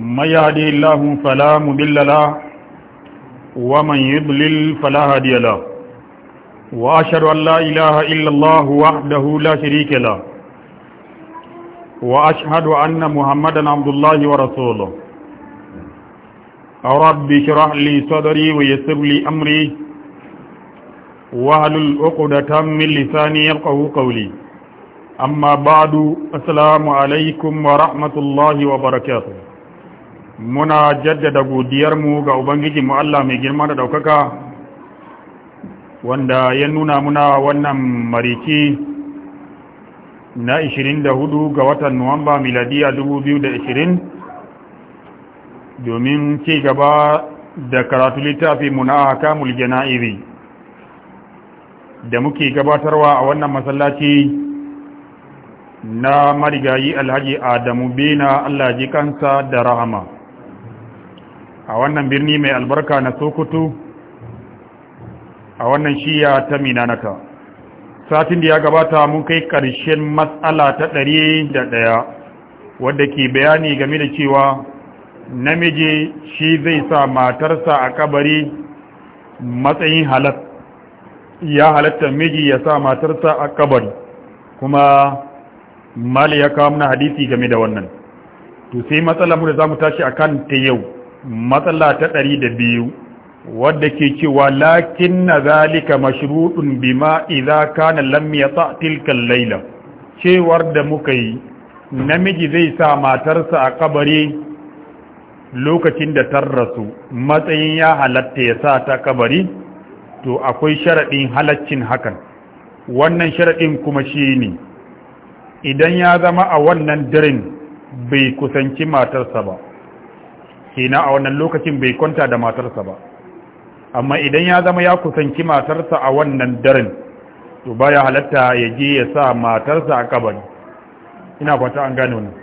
من يهدي الله فلا مضل له ومن يضلل فلا هادي له وأشهد أن لا إله إلا الله وحده لا شريك له وأشهد أن محمدا عبد الله ورسوله رب اشرح لي صدري ويسر لي أمري واحلل عقدة من لساني يفقهوا قولي أما بعد السلام عليكم ورحمة الله وبركاته muna jaddada godiyarmu ga ubangijinmu Allah mai girma da ɗaukaka wanda ya nuna muna wannan mariki na 24 ga watan nuwamba miladiya 2020 domin ci gaba da karatu littafi muna hakamul jana'iri da muke gabatarwa a wannan masallaci na marigayi alhaji adamu bena Allah ji kansa da rahama a wannan birni mai albarka na sokoto a wannan shiya ta minanaka satin da ya gabata mun kai ƙarshen matsala ta ɗari da ɗaya wadda ke bayani game da cewa namiji shi zai sa matarsa a kabari matsayin halatta ya halatta miji ya sa matarsa a kabari kuma mali ya kawo mana hadisi game da wannan to sai matsalar mu da za mu tashi a kan ta yau matsala ta ɗari da biyu wadda ke cewa lakin na zalika mashruɗin bima iza kana lam ta tilkan laila cewar da muka yi namiji zai sa matarsa a kabari lokacin da ta rasu matsayin ya halatta ya sa ta kabari to akwai sharaɗin halaccin hakan wannan sharaɗin kuma shi ne idan ya zama a wannan daren bai kusanci matarsa ba kenan a wannan lokacin bai kwanta da matarsa ba amma idan ya zama ya kusanci matarsa a wannan daren to baya halatta ya je ya sa matarsa a kabari ina fata an gane wannan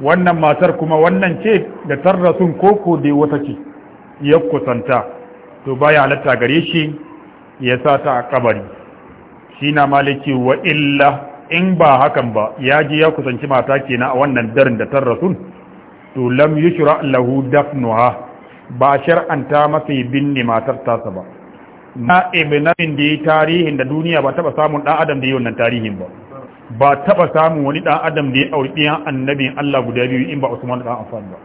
wannan matar kuma wannan ce da tarrasun koko dai wata ce ya kusanta to baya halatta gare shi ya sa ta a kabari shi na maliki wa illa in ba hakan ba ya je ya kusanci mata kenan a wannan daren da tarrasun to lam yushra lahu dafnuha ba shar'anta masa binne matar tasa ba na ibnamin da yi tarihin da duniya ba taba samun dan adam da yi wannan tarihin ba ba taba samun wani dan adam da ya auri ɗiyan annabin Allah guda biyu in ba Usman dan Affan ba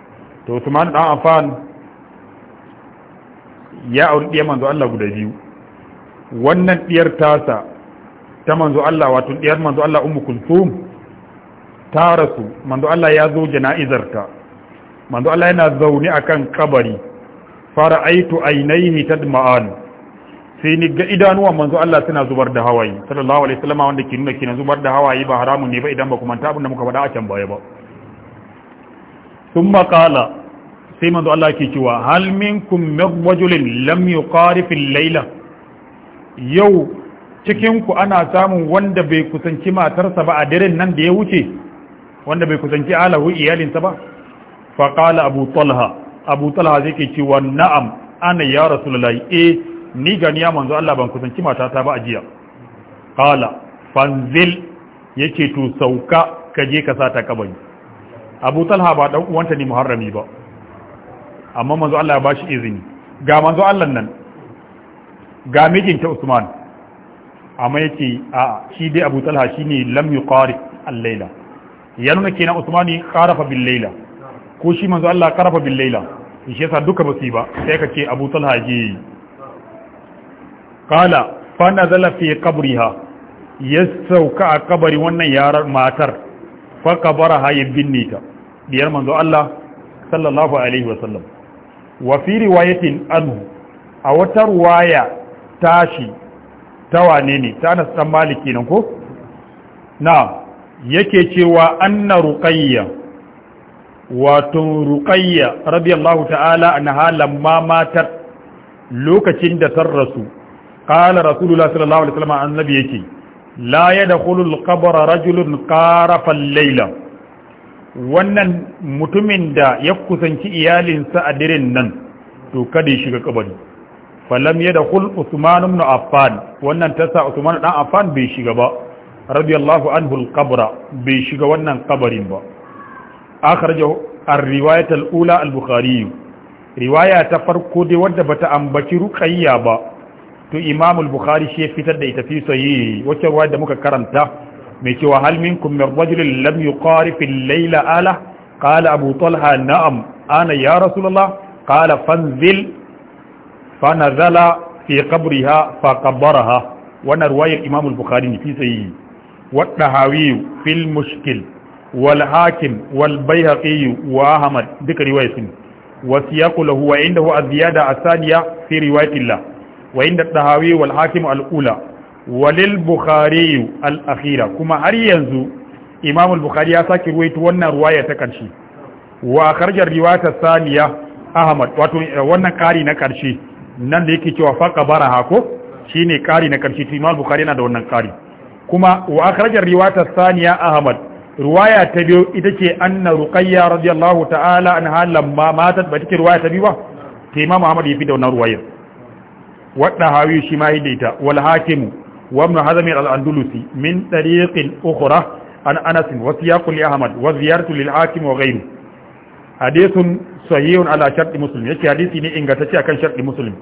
to Usman dan Affan ya auri ɗiyan manzo Allah guda biyu wannan ɗiyar tasa ta manzo Allah wato ɗiyar manzo Allah Ummu Kulthum ta rasu manzo Allah ya zo jana'izarta manzo Allah yana zaune akan kabari fara aitu ainihi tadma'an sai ni ga manzo Allah suna zubar da hawaye sallallahu alaihi wasallam wanda ke nuna kina zubar da hawaye ba haramun ne ba idan ba kuma tabun da muka faɗa a can baya ba sun qala sai manzo Allah ke cewa hal minkum min rajulin lam yuqarif al-layla yau cikin ku ana samun wanda bai kusanci matarsa ba a daren nan da ya wuce wanda bai kusanci alahu iyalinsa ba faƙala abu talha abu talha zai ke cewa na'am ana ya rasulullahi e ni gani ya manzo Allah ban kusanci matata ba a jiya ƙala fanzil ya ce to sauka ka je ka ta kabari abu talha ba ɗan uwanta ne muharrami ba amma manzo Allah ba shi izini ga manzo Allah nan ga mijinta Usman amma ce a shi dai Abu Talha shine lam yuqari laila ya nuna kenan Usman ne qarafa bil laila ko shi manzo Allah karafa bil laila shi yasa duka basu ba sai ka ce Abu Talha ji qala fa nazala fi qabriha yasauka a kabari wannan yarar matar fa kabaraha yabinita diyar manzo Allah sallallahu alaihi wa sallam wa fi riwayatin anhu a wata ruwaya tashi ta wane ne ta Anas dan Malik ko na yake cewa anna ruqayya wato ruqayya radiyallahu ta'ala anha lamma matat lokacin da tar rasu qala rasulullah sallallahu alaihi wasallam annabi yake la ya da al-qabr rajulun ƙarafan al wannan mutumin da ya kusanci iyalinsa a dirin nan to kada ya shiga kabari falam yadkhul usman ibn affan wannan tasa usman dan affan bai shiga ba radiyallahu anhu al-qabra bai shiga wannan kabarin ba akhrajahu ar-riwayat al-ula al-bukhari riwaya ta farko dai wadda bata ambaci ruqayya ba to imam al-bukhari shi fitar da ita fi sahih wacce riwaya da muka karanta mai cewa hal minkum min rajulin lam yuqarif al-layla ala qala abu talha na'am ana ya rasulullah qala fanzil fanazala fi qabriha faqabbaraha wannan riwayar imam al-bukhari ne fi sahih wa dahawi fil mushkil wal hakim wal bayhaqi wa ahmad duka riwaya sun wa siyaqu lahu wa indahu az-ziyada as-saniya fi riwayatillah wa inda tahawi wal hakim al-ula wa lil kuma har yanzu imamul al ya saki ruwaito wannan ruwaya ta karshe wa kharjar riwayata saniya ahmad wato wannan kari na nan da baraha ko shine kari na karshe yana da wannan kuma wa akhrajar saniya ahmad ruwaya ta biyu ita ce anna ruqayya radiyallahu ta'ala anha lamma matat ba take ruwaya ta biyu ba ke imam ahmad ya fi da wannan ruwayar wadda hawi shi ma yadda wal hakimu wa ibn hazm al andalusi min tariqin ukhra an anas wa siyaq li ahmad wa ziyaratu lil hakim wa ghayru hadithun sahihun ala shart muslim yake hadisi ne ingantacce akan shart muslim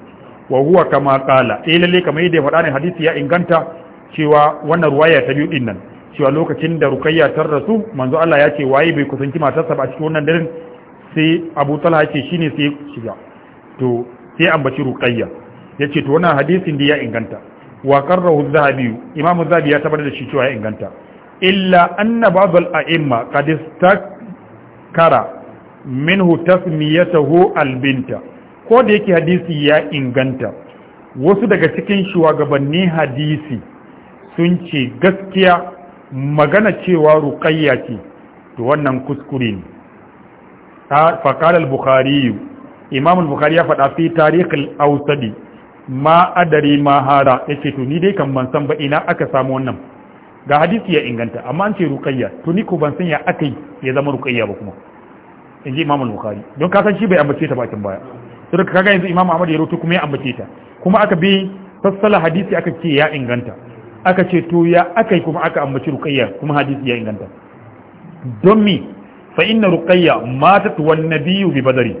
wa huwa kama qala eh kamar yadda ya faɗa ne hadisi ya inganta cewa wannan ruwaya ta biyu din nan cewa lokacin da rukayya ta rasu manzo Allah ya ce waye bai kusanci matarsa ba a cikin wannan daren sai Abu Talha ce shine sai shiga to sai ambaci rukayya yace to wannan hadisin da ya inganta wa qarrahu az-zahabi imam az-zahabi ya tabbatar da shi cewa ya inganta illa anna ba'd al-a'imma qad istakara minhu tasmiyatuhu al-binta ko da yake hadisi ya inganta wasu daga cikin shugabannin hadisi sun ce gaskiya magana cewa ruqayya ce to wannan kuskure ne fa qala al-bukhari imam al-bukhari ya faɗa fi tarikh al-awsadi ma adari ma hara yace to ni dai kan ban san ba ina aka samu wannan ga hadisi ya inganta amma an ce ruqayya to ni ko ban san ya yi ya zama ruqayya ba kuma inji imam al-bukhari don ka san shi bai ambace ta bakin baya sai kaga yanzu imam ahmad ya rawaito kuma ya ambace ta kuma aka bi fassala hadisi aka ce ya inganta aka ce to ya aka yi kuma aka ambaci ruƙayya kuma hadisi ya inganta don mi fa inna ruqayya matat wan biyu bi bazari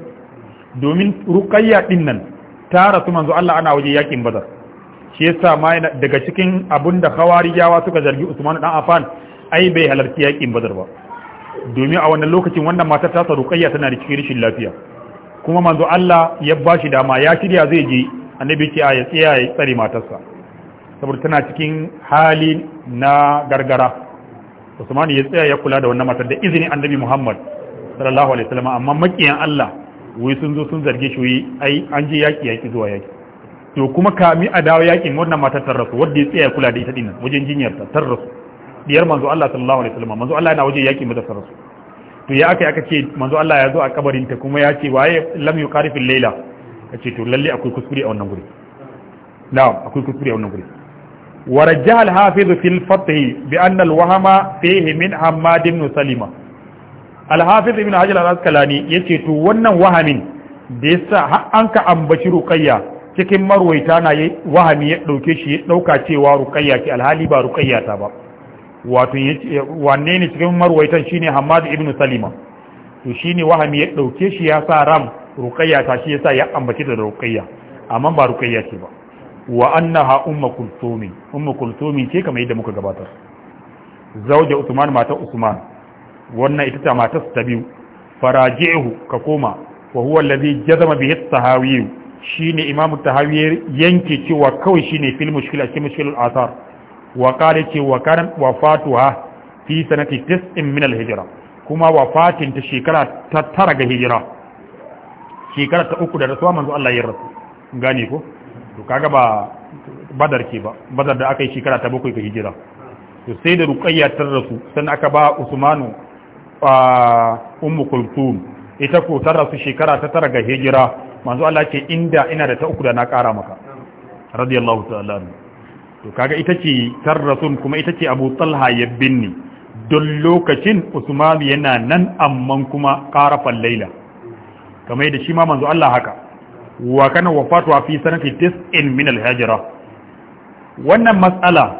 domin ruƙayya din nan ta rasu manzo Allah ana waje yakin bazar shi yasa ma daga cikin abunda khawarijawa suka zargi Usman dan Affan ai bai halarci yakin bazar ba domin a wannan lokacin wannan matar ta ruƙayya tana da cikin rashin lafiya kuma manzo Allah ya bashi dama ya shirya zai je annabi ce ya tsaya ya tsare matarsa saboda tana cikin hali na gargara usman ya tsaya ya kula da wannan matar da izinin annabi muhammad sallallahu alaihi wasallam amma makiyan allah wai sun zo sun zarge shi ai an je yaki yaki zuwa yaki to kuma kami a dawo yakin wannan matar ta rasu wanda ya tsaya ya kula da ita dinnan wajen jinyar ta ta rasu diyar manzo Allah sallallahu alaihi wasallam manzo Allah yana waje yaki mata ta rasu to ya aka aka ce manzo Allah ya zo a kabarin ta kuma ya ce waye lam yuqarifil layla kace to lalle akwai kuskure a wannan guri na'am akwai kuskure a wannan guri ورجح الحافظ في الفتح بأن الوهم فيه من حماد بن سلمة الحافظ ابن حجر الأسكلاني يتي تو wannan wahamin da yasa an ka ambaci rukayya cikin marwaita na wahami ya dauke shi ya ɗauka cewa rukayya ce alhali ba rukayya ta ba wato wanne ne cikin marwaitan shine Hammad ibn Salima to shine wahami ya ɗauke shi ya sa ram rukayya ta shi yasa ya ambaci da rukayya amma ba rukayya ce ba wa annaha umma kulthumi umma kulthumi ce kamar yadda muka gabatar zauja usman matar usman wannan ita ta matar ta biyu faraji'uhu ka koma wa huwa alladhi jazama bihi at-tahawi shine imamu tahawi yanke cewa kawai shine fil mushkila cikin mushkilul athar wa qala ce wa kan wafatuha fi sanati 9 min al-hijra kuma wafatin ta shekara ta tara ga hijira shekara ta uku da rasuwa manzo Allah ya rasu gane ko to kaga ba badar ke ba badar da aka yi shekara ta bakwai ga hijira to sai da ruqayya ta rasu san aka ba usmanu a ummu kulthum ita ko ta rasu shekara ta tara ga hijira manzo Allah ce inda ina da ta uku da na kara maka radiyallahu ta'ala to kaga ita ce tar rasul kuma ita ce Abu Talha ya binni don lokacin Usmanu yana nan amman kuma qarafal layla. kamar da shi ma manzo Allah haka wa kana wafatuwa fi sanati tis'in min al-hijra wannan matsala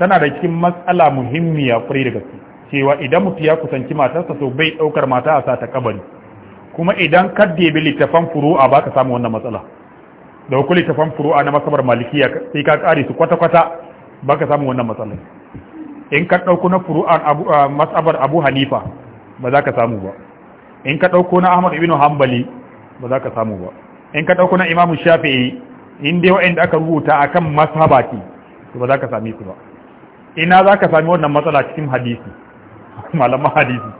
tana da cikin matsala muhimmiya kwarai da gaske cewa idan mutu ya kusanci matarsa to bai daukar mata a sata kabari kuma idan kadde bi littafan furu'a ba ka samu wannan matsala da ku littafan furu'a na masabar malikiya sai ka kare su kwata-kwata ba ka samu wannan matsala in ka ɗauko na furu'a masabar abu hanifa ba za ka samu ba in ka ɗauko na ahmad ibn hanbali ba za ka samu ba in ka ɗauko na imamu shafi'i in dai wa'anda aka rubuta akan kan ce to ba za ka sami su ba ina za ka sami wannan matsala cikin hadisi malaman hadisi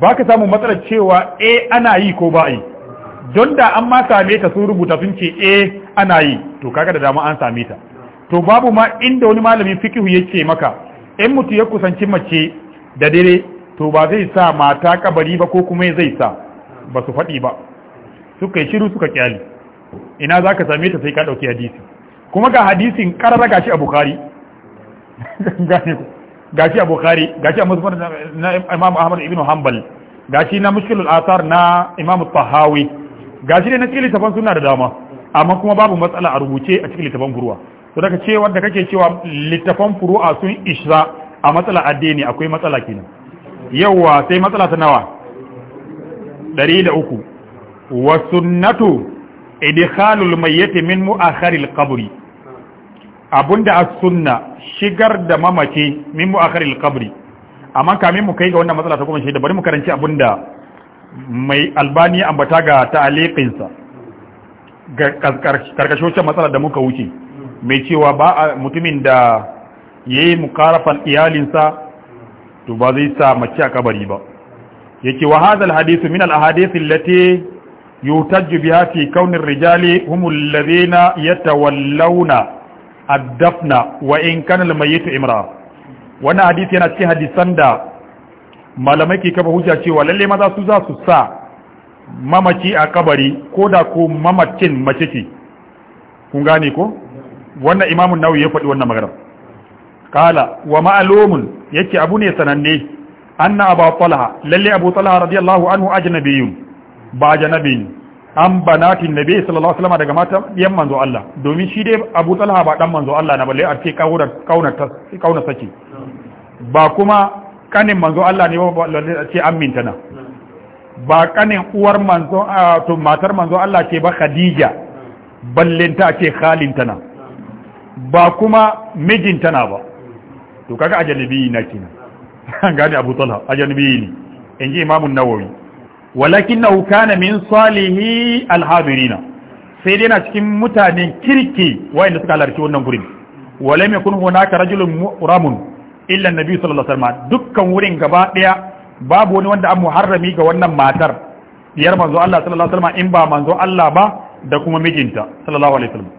ba ka samu matsalar cewa eh ana yi ko ba yi don da an ma same ta sun rubuta sun ce eh ana yi to kaga da dama an same ta to babu ma inda wani malami fikihu ya ce maka in mutu ya kusanci mace da dare to ba zai sa mata kabari ba ko kuma zai sa ba su faɗi ba suka yi shiru suka kyali ina za ka same ta sai ka ɗauki hadisi kuma ga hadisin ƙarara gashi a bukari gashi a bukari gashi a musamman na imam ahmad ibn hanbal gashi na mushkilul asar na imam tahawi gashi ne na cikin littafan suna da dama amma kuma babu matsala a rubuce a cikin littafan furuwa to daga ce wanda kake cewa littafan furuwa sun isra a matsala addini akwai matsala kenan yawa sai matsala ta nawa ɗari da uku wa sunnatu idkhalul mayyit min mu'akhiril qabri abunda as-sunna shigar da mamaci min mu'akhiril qabri amma kamin mu kai ga wannan matsala ta kuma shi da bari mu karanci abunda mai albani ambata ga sa ga karkashocin matsala da muka wuce mai cewa ba mutumin da yayi iyalin iyalinsa to ba zai sa mace a kabari ba yake wa hadal al min al-ahadith allati يوتج بها في كون الرجال هم الذين يتولون الدفن وإن كان الميت امرأة وانا حديث yana cikin hadisan da malamai ke kafa hujja cewa lalle maza su za sa mamaci a kabari ko da ko mamacin mace ce kun gane ko wannan imamun nawawi ya faɗi wannan magana kala wa ma'lumun yake abu ne sananne anna Falaha lallai abu talha radiyallahu anhu ajnabiyyun ba janabi ne an banatin nabi sallallahu alaihi wasallam daga mata yan manzo Allah domin shi dai Abu Talha ba dan manzo Allah na balle a ce kaura kauna kauna saki ba kuma kanin manzo Allah ne ba balle a ce amminta na ba kanin uwar manzo to matar manzo Allah ce ba Khadija ballenta ce khalinta na ba kuma mijinta na ba to kaga ajalibi na kenan gani Abu Talha ajalibi ne inji Imam Nawawi walakinahu kana min salihi alhadirina sai dai na cikin mutanen kirki wayanda suka halarci wannan gurin kun yakun ka rajulun mu'ramun illa annabi sallallahu alaihi wasallam dukkan wurin gaba daya babu wani wanda an muharrami ga wannan matar diyar manzo Allah sallallahu alaihi wasallam in ba manzo Allah ba da kuma mijinta sallallahu alaihi wasallam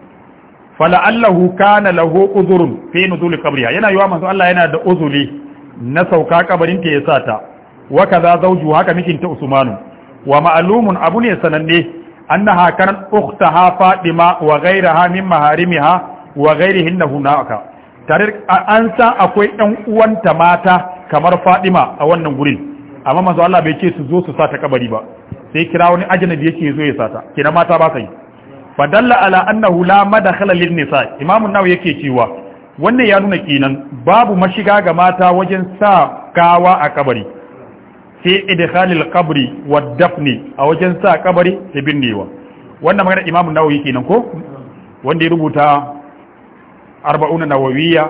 fala'allahu kana lahu uzurun fi nuzul qabriha yana yiwa manzo Allah yana da uzuli na sauka kabarin ta sa ta. wa kaza zawju haka mijinta usmanu wa ma'lumun abu ne sananne annaha kan ukhtaha fatima wa ghayraha min maharimiha wa ghayrihin hunaka tare an san akwai ɗan uwanta mata kamar fatima a wannan gurin amma manzo Allah bai ce su zo su ta kabari ba sai kira wani ajnabi yake zo ya ta kina mata ba sai fadalla ala annahu la madakhala lin nisa imamu nawawi yake cewa wannan ya nuna kinan babu mashiga ga mata wajen sa kawa a kabari fi idkhalil qabri wad dafni a wajen sa kabari da binnewa wannan magana imamu nawawi kenan ko wanda ya rubuta arba'una nawawiyya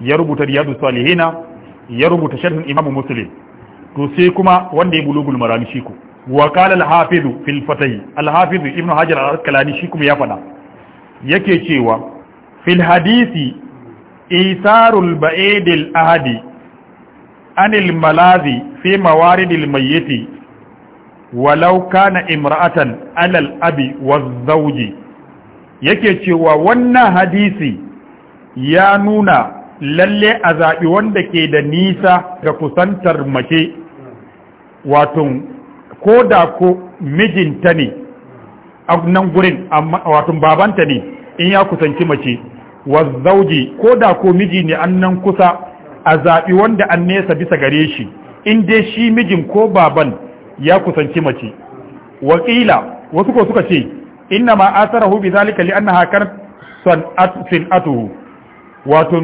ya rubuta riyadu salihina ya rubuta sharhin imamu muslim to sai kuma wanda ya bulugul marami shi ko wa qala al hafiz fil al hafiz ibnu hajar al asqalani shi kuma ya fada yake cewa fil hadisi isarul ba'idil ahadi anil الملاذ في موارد الميت ولو كان امراه alal abi wazzauji yake cewa wannan hadisi ya nuna lalle a zaɓi wanda ke da nisa ga kusantar mace wato ko da ko mijinta ne a nan gurin wato babanta ne in ya kusanci mace wazzauji ko da ko miji ne an nan kusa a zaɓi wanda an nesa bisa gare shi in dai shi mijin ko baban ya kusanci mace wakila wasu ko suka ce inna ma asarahu bi zalika li annaha kan atu wato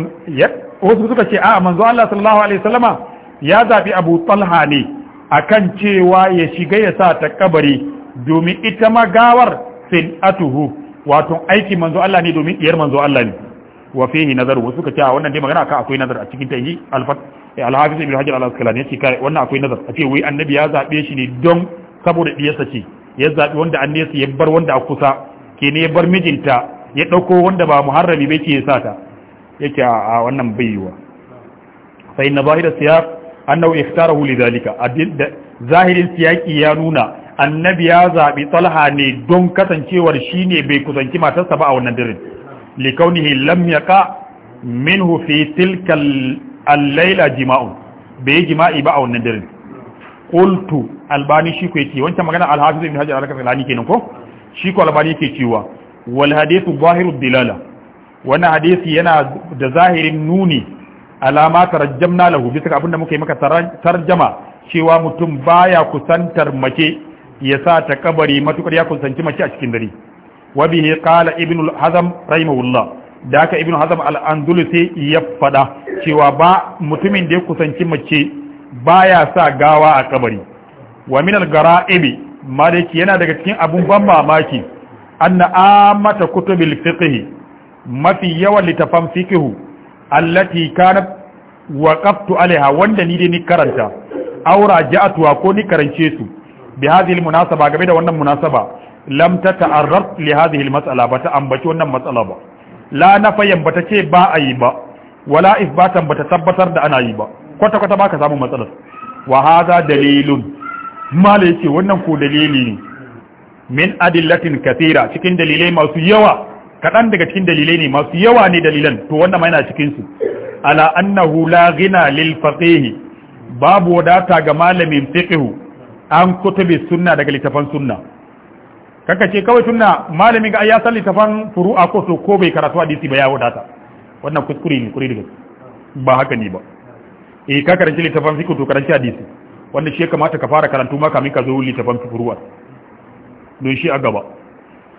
wasu suka ce a manzo Allah sallallahu alaihi wasallama ya zaɓi Abu Talha ne akan cewa ya shiga ya sa ta kabari domin ita ma gawar san'atuhu wato aiki manzo Allah ne domin iyar manzo Allah ne wa fihi nazaru wasu suka cewa wannan dai magana ka akwai nazar a cikin ta yi alfat eh, alhafiz ibn hajar al-asqalani yace kai wannan akwai nazar a ce wai annabi ya zabe shi ne don saboda diyarsa ce ya zabi wanda annabi ya bar wanda a kusa ke ne ya bar mijinta ya dauko wanda ba muharrami bai ce ya ta yake a wannan baiwa fa inna zahira siyaq annahu ikhtarahu lidhalika zahirin siyaki ya nuna annabi ya zabi talha ne don kasancewar shine bai kusanci matarsa ba a wannan dirin لكونه لم يقع منه في تلك الليلة جماع بي جماع با أو ندر قلت الباني شيكو يتي وانت مغانا الحافظ ابن حجر على كفلاني كينكو شيكو الباني كيتيوا والحديث ظاهر الدلالة وانا حديث ينا ظاهر النوني alama tarajjamna lahu bisa ga abinda muka yi maka tarjama cewa mutum baya kusantar mace ya sa ta kabari matukar ya kusanci mace a cikin dare wa bihi qala ibn al-hazm rahimahullah da haka ibn hazm al ya faɗa cewa ba mutumin da ya kusanci mace baya sa gawa a kabari wa min al-gara'ibi maliki yana daga cikin abun ban mamaki anna amata kutubil fiqh mafi yawan litafan fiqh allati kanat waqaftu alaiha wanda ni dai ni karanta aura ja'atuwa ko ni karance su bi hadhihi al-munasaba game da wannan munasaba lam ta ta'arraf li hadhihi al-mas'ala ambaci wannan matsala ba la nafayan ba ta ce ba a yi ba wala isbatan bata tabbatar da ana yi ba kwata kwata baka samu matsalar wa hadha dalilun mala yace wannan ko dalili ne min adillatin kathira cikin dalilai masu yawa kadan daga cikin dalilai ne masu yawa ne dalilan to wannan ma yana cikin su ala annahu la ghina lil faqih babu wadata ga malamin fiqh an kutubi sunna daga littafan sunna kaka ce kawai tunna malamin ga ya salli tafan furu'a ko so ko bai karatu hadisi ba ya wadata wannan kuskure ne kuri da ba haka ne ba eh ka karanci littafin fiqh to karanci hadisi wanda shi kamata ka fara karantu ma kamin ka zo littafin furu'a don shi a gaba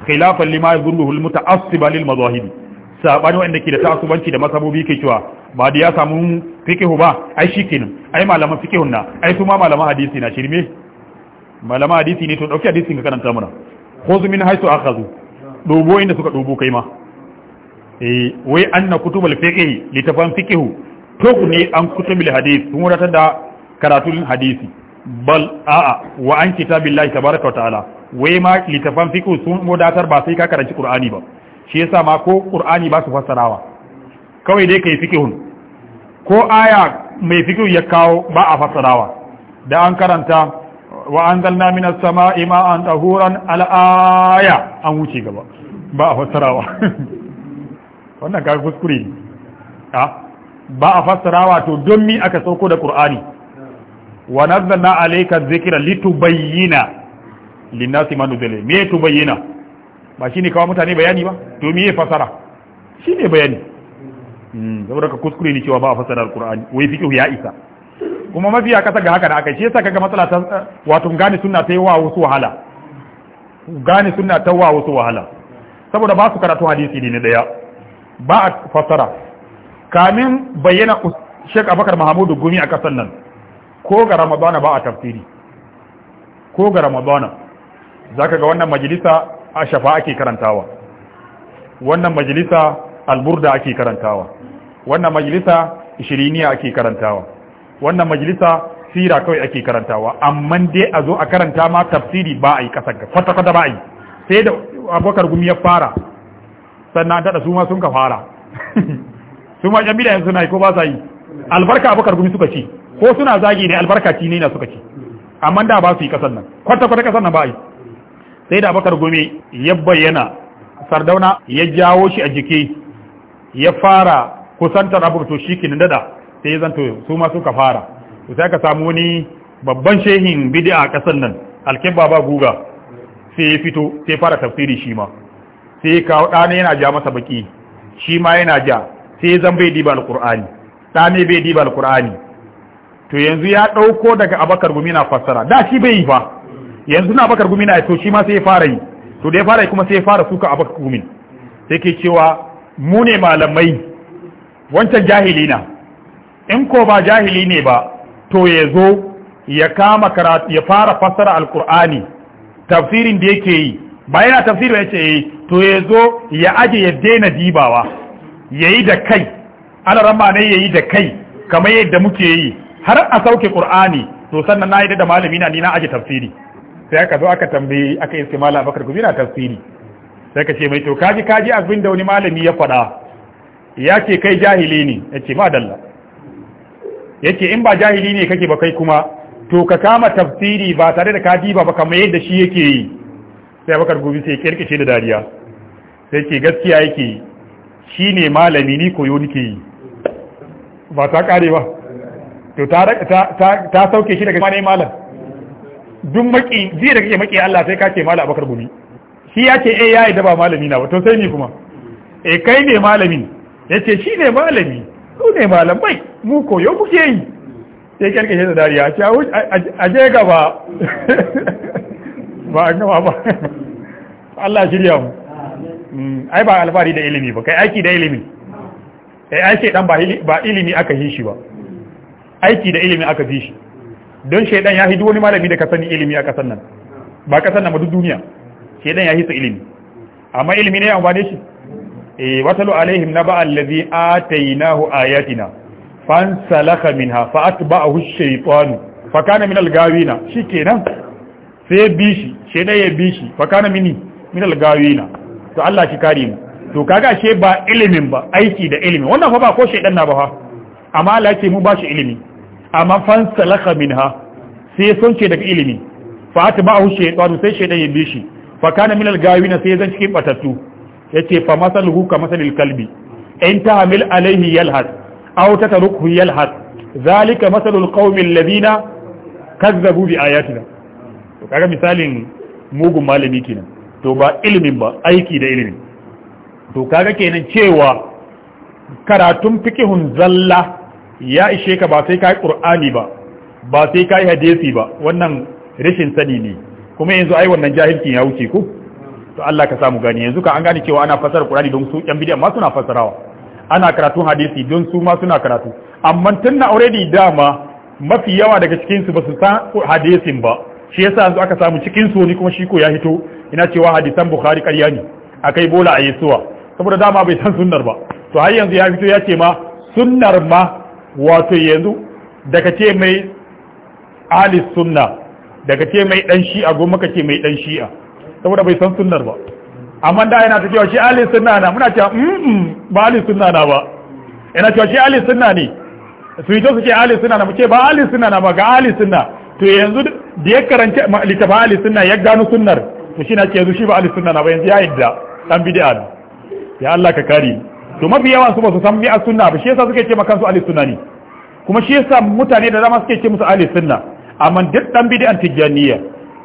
khilafan lima yadhunnuhu almutaassib lil madahib sabani wanda ke da ta'assubanci da masabobi ke cewa ba da ya samu fiqh ba ai shikenan ai malaman fiqh na ai kuma malaman hadisi na shirme malaman hadisi ne to dauki hadisin ka karanta mana khudh min haythu akhadhu dubo inda suka dubo kai ma eh wai anna kutubul fiqh litafan fiqhu to ne an kutubul hadith sun wadatar da karatun hadisi bal a'a wa an kitabillahi tabaraka wa ta'ala wai ma litafan fiqhu sun wadatar ba sai ka karanci qur'ani ba shi yasa ma ko qur'ani ba su fassarawa kawai dai kai fiqhun ko aya mai fiqhu ya kawo ba a fassarawa da an karanta wa anzalna minas sama'i ma'an tahuran al'aya an wuce gaba ba a fassarawa wannan kaga kuskure ne ba a fassarawa to don mi aka sauko da qur'ani wa nazzalna alayka dhikra litubayyana linnasi ma nuzila me tubayyana ba shine kawo mutane bayani ba to me fasara shine bayani saboda ka kuskure ne cewa ba a fassara alqur'ani wai fiqh ya isa kuma mafi a kasa ga haka da aka shi yasa kaga matsala ta wato gane sunna ta yi wa wasu wahala gane sunna ta wa wasu wahala saboda ba su karatu hadisi ne daya ba a fassara kamin bayyana Sheikh Abubakar Mahamudu Gumi a kasan nan ko ga Ramadana ba a tafsiri ko ga Ramadana zaka ga wannan majalisa a shafa ake karantawa wannan majalisa alburda ake karantawa wannan majalisa ishiriniya ake karantawa wannan majalisa sira kawai ake karantawa amma dai a zo a karanta ma tafsiri ba a yi kasar kwata kwata ba a yi sai da abokar gumi ya fara sannan tada su ma sun ka fara su ma jami'a yanzu na yi ko ba sa yi albarka abokar gumi suka ci ko suna zagi ne albarka ci ne na suka ci amma da ba su yi kasar nan kwata kwata kasar nan ba a yi sai da abokar gumi ya bayyana sardauna ya jawo shi a jiki ya fara kusantar abokar to shi kinin dada sai ya zanto su ma suka fara to sai aka samu wani babban shehin bid'a a ƙasar nan alkin baba guga sai ya fito sai fara tafsiri shi ma sai ya kawo ɗane yana ja masa baki shi ma yana ja sai ya zan bai diba alƙur'ani ɗane bai diba alƙur'ani to yanzu ya ɗauko daga abakar gumi na fassara da shi bai yi fa yanzu na abakar gumi na to shi ma sai ya fara yi to da ya fara yi kuma sai ya fara suka abakar gumi sai ke cewa mu ne malamai wancan jahili na in ko ba jahili ne ba to ya zo ya kama karatu ya fara fassara alkur'ani tafsirin da yake yi ba yana tafsiri ba yace yi eh, to ya zo ya aje ya daina dibawa yayi da kai ana ramma ne yayi da kai kamar yadda muke yi har a sauke qur'ani to sannan na da malami na ni na aje tafsiri sai aka zo aka tambaye aka sai malam Abubakar na tafsiri sai ka ce mai to kaji kaji abin da wani malami ya faɗa yake kai jahili ne ya ce dalla yake in ba jahili ne kake ba kai kuma to ka kama tafsiri ba tare da ka diba ba kamar yadda shi yake yi sai abakar gobe sai kirkice da dariya sai ce gaskiya yake shi ne malami ni koyo nike yi ba ta kare ba to ta sauke shi daga manayi malam duk maki zai da kake maki Allah sai ka ce malam abakar gobe shi ya ce eh yayi da ba malami na ba to sai ni kuma eh kai ne malamin yace shi ne malami su ne malamai mu koyo muke yi sai kyarkashe da dariya a je gaba ba a gama ba Allah shirya mu mm, ai ba alfahari da ilimi ba kai aiki da ilimi ai aiki dan ba ilimi aka yi shi ba aiki da ilimi aka fi shi don shaidan ya hidu wani malami da ka sani ilimi a kasan nan ba kasan nan ba duk duniya shaidan ya hisa ilimi amma ilimi ne ya amfane shi eh watalu alaihim naba allazi atainahu ayatina fansalaka minha fa atba'ahu ash shaytan fa kana min al-gawina shikenan sai bishi da ya bishi fa kana mini min al-gawina to Allah shi kare mu to kaga she ba ilimin ba aiki da ilimi wannan fa ba ko shedan na ba fa amma Allah ce mu ba shi ilimi amma fansalaka minha sai son ce daga ilimi fa atba'ahu ash shaytan sai shedan ya bishi fa kana min al-gawina sai zan cikin batattu yace fa masaluhu ka masalil kalbi in tahmil alaihi yalhas aw tatarukhu yalhas zalika masalul qaumi alladhina kazzabu bi ayatina to kaga misalin mugun malami kenan to ba ilimin ba aiki da ilimin to kaga kenan cewa karatun fikihun zalla ya ishe ka ba sai kai qur'ani ba ba sai kai hadisi ba wannan rashin sani ne kuma yanzu ai wannan jahilcin ya wuce ku to Allah ka samu gani yanzu ka an gane cewa ana fasara Qur'ani don su yan bidiyan ma suna fasarawa ana karatu hadisi don su ma suna karatu amma na already dama mafi yawa daga cikin su basu san hadisin ba shi yasa yanzu aka samu cikin su ne kuma shi ko ya hito ina cewa hadisan Bukhari ƙarya ne akai bola a Yesuwa saboda dama bai san sunnar ba to har yanzu ya fito ya ce ma sunnar ma wato yanzu daga ce mai ahli sunna daga ce mai dan shi'a goma ka ce mai dan shi'a saboda bai san sunnar ba amma da yana ta cewa shi ahli sunna na muna cewa mm ba ahli sunna na ba yana cewa shi ahli sunna ne su yi su ce ahli sunna na mu ce ba ahli sunna na ba ga ahli sunna to yanzu da ya karanta ba ahli sunna ya gano sunnar to shi na ce yanzu shi ba ahli sunna na ba yanzu ya yadda dan bid'a ya Allah ka kare to mafi yawa su ba su san bi'a sunna ba shi yasa suke ce makansu ahli sunna ne kuma shi yasa mutane da dama suke ce musu ahli sunna amma duk dan bid'a tijaniyya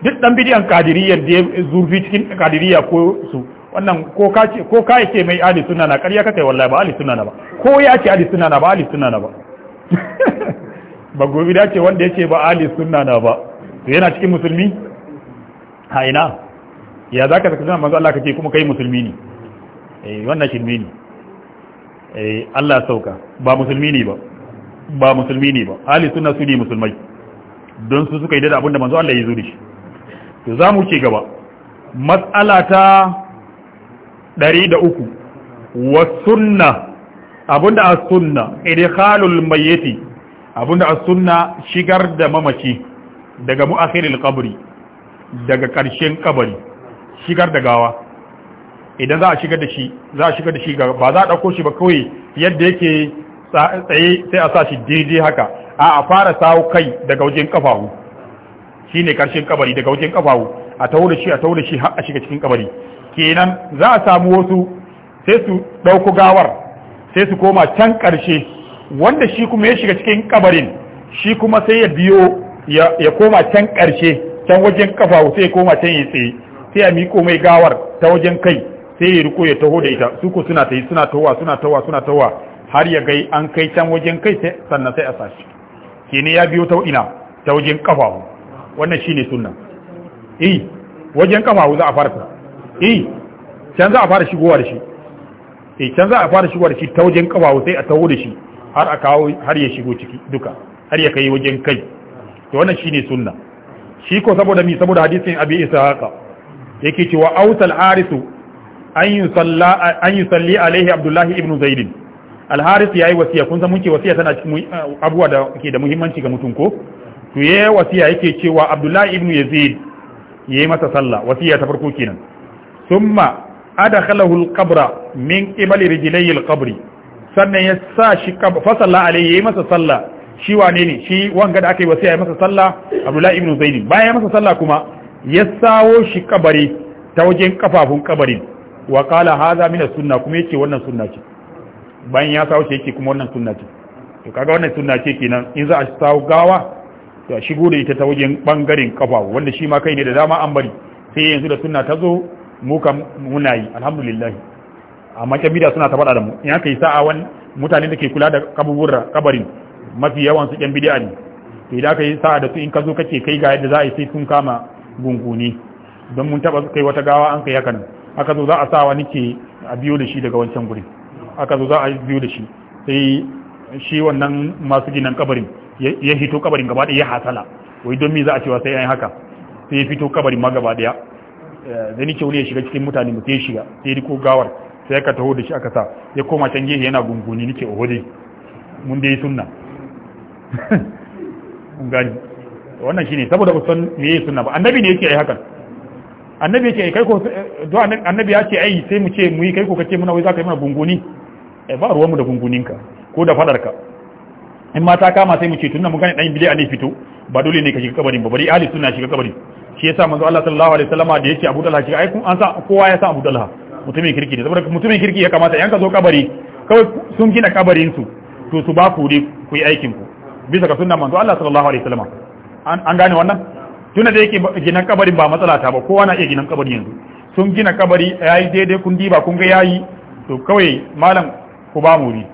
duk dan bidiyan kadiriyar da zurfi cikin kadiriya ko su wannan ko ka ce mai ali suna na ƙarya kakai wallahi ba ali suna na ba ko ya ce ali suna na ba ali suna na ba ba gobe dace wanda wanda yace ba ali suna na ba to yana cikin musulmi ha ina ya zaka saka suna manzo Allah ce kuma kai musulmi ne eh wannan shirme ne eh Allah sauka ba musulmi ne ba ba musulmi ne ba ali suna su ne musulmai don su suka yi da abinda manzo Allah ya zo da shi to za mu ke gaba matsala ta ɗari da uku wa sunna abinda a sunna idkhalul mayyiti abinda a sunna shigar da mamaci daga mu'akhiril qabri daga ƙarshen kabari shigar da gawa idan za a shigar da shi za a shigar da shi ba za a ɗauko shi ba kawai yadda yake tsaye sai a sa shi daidai haka a a fara sawo kai daga wajen kafahu Shi ne karshen kabari daga wajen kafawo a taula da shi a taula shi har a shiga cikin kabari kenan za a samu wasu sai su dauko gawar sai su koma can karshe wanda shi kuma ya shiga cikin kabarin shi kuma sai ya biyo ya koma can karshe can wajen kafawo sai ya koma can ya tsaye sai ya miko mai gawar ta wajen kai sai ya riko ya taho da ita su ko suna ta yi suna tawa suna tawa suna tawa har ya gai an kai can wajen kai sannan sai a sashi kene ya biyo ta ina ta wajen kafafu wannan shi ne sunna eh wajen kafafu za a fara sa eh can za a fara shigowa da shi eh can za a fara shigowa da shi ta wajen kafafu sai a taho da shi har a kawo har ya shigo ciki duka har ya kai wajen kai to wannan shi ne sunna shi ko saboda mi saboda hadisin abi haka yake cewa autal harisu an yi an yusalli alaihi abdullahi ibn zaidin alharis ya yi wasiya kun san mun wasiya tana cikin uh, abuwa da ke da muhimmanci ga mutum ko to ya wasiya yake cewa abdullahi ibn yazid ya yi masa sallah wasiya ta farko kenan summa adakhalahu al min qibali rijlayhi al-qabri sannan ya sa shi fa salla alayhi yayi masa sallah shi wane ne shi wanga da aka yi wasiya ya masa sallah abdullahi ibn zaid bayan ya masa sallah kuma ya sawo shi kabari ta wajen kafafun kabarin wa qala hadha min as-sunnah kuma yace wannan sunna ce bayan ya sawo shi yace kuma wannan sunna ce to kaga wannan sunna ce kenan in za a sawo gawa ta shigo da ita ta wajen bangaren kafa wanda shi ma kai ne da dama an bari sai yanzu da sunna ta zo mu kam muna yi alhamdulillah amma kan bida suna ta fada da mu in aka yi sa'a wani mutane da ke kula da kaburburra kabarin mafi yawan su kan bida ne to idan aka yi sa'a da su in ka zo kace kai ga yadda za a yi sai sun kama gunguni don mun taba kai wata gawa an kai hakan aka zo za a sa wa ke a biyo da shi daga wancan guri aka zo za a biyo da shi sai shi wannan masu ginan kabarin ya hito kabarin gaba ya hasala wai don me za a cewa sai yayin haka sai ya fito kabarin ma gaba daya zai eh, ni ce wani ya shiga cikin mutane mutum ya shiga sai riko ko gawar sai aka taho da shi aka sa ya koma can gehe yana gunguni nike oho dai mun dai sunna mun gani wannan shine saboda kusan me yayi sunna ba annabi ne yake ai haka annabi yake kai ko eh, do annabi ya ce ai sai mu ce mu yi kai ko kace muna wai za ka yi mana gunguni eh, ba ruwan mu da gunguninka ko da fadarka in ma ta kama sai mu ce tunna mun gane dan bid'a ne fito ba dole ne ka shiga kabarin ba bari ahli sunna shiga kabarin shi yasa manzo Allah sallallahu alaihi wasallam da yake Abu Talha shiga ai kun an sa kowa ya sa Abu Talha mutumin kirki ne saboda mutumin kirki ya kamata yan ka zo kabari kawai sun gina kabarin su to su ba ku ne ku yi aikin ku bisa ga sunna manzo Allah sallallahu alaihi wasallam an gane wannan tunda da yake gina kabarin ba matsala ta ba kowa na iya gina kabari yanzu sun gina kabari yayi daidai kun diba kun ga yayi to kawai malam ku ba mu ne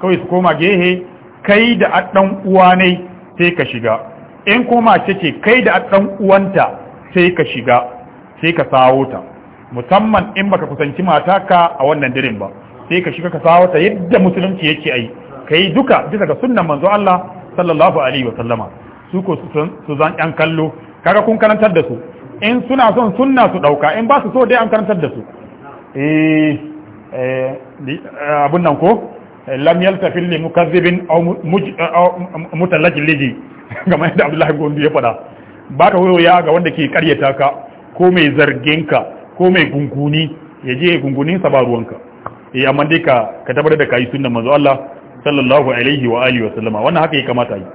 kawai su koma gehe kai da ɗan uwa ne sai ka shiga in kuma ce ce kai da ɗan uwanta sai ka shiga sai ka sawo ta musamman in baka kusanci mataka a wannan dirin ba sai ka shiga ka sawo ta yadda musulunci yake ai kai duka bisa ga sunnan manzo Allah sallallahu alaihi wa sallama su ko su zan yan kallo kaga kun karantar da su in suna son sunna su dauka in ba su so dai an karantar da su eh eh, eh abun nan ko lam yaltafil li mukazzibin aw mutalajliji kamar yadda Abdullahi gondu ya faɗa ba ka ya ga wanda ke karyata ka ko mai zargin ka ko mai gunguni ya je gungunin sa ba ruwanka eh amma dai ka ka tabbatar da kai sunnan manzo Allah sallallahu alaihi wa alihi wa sallama wannan haka ya kamata yi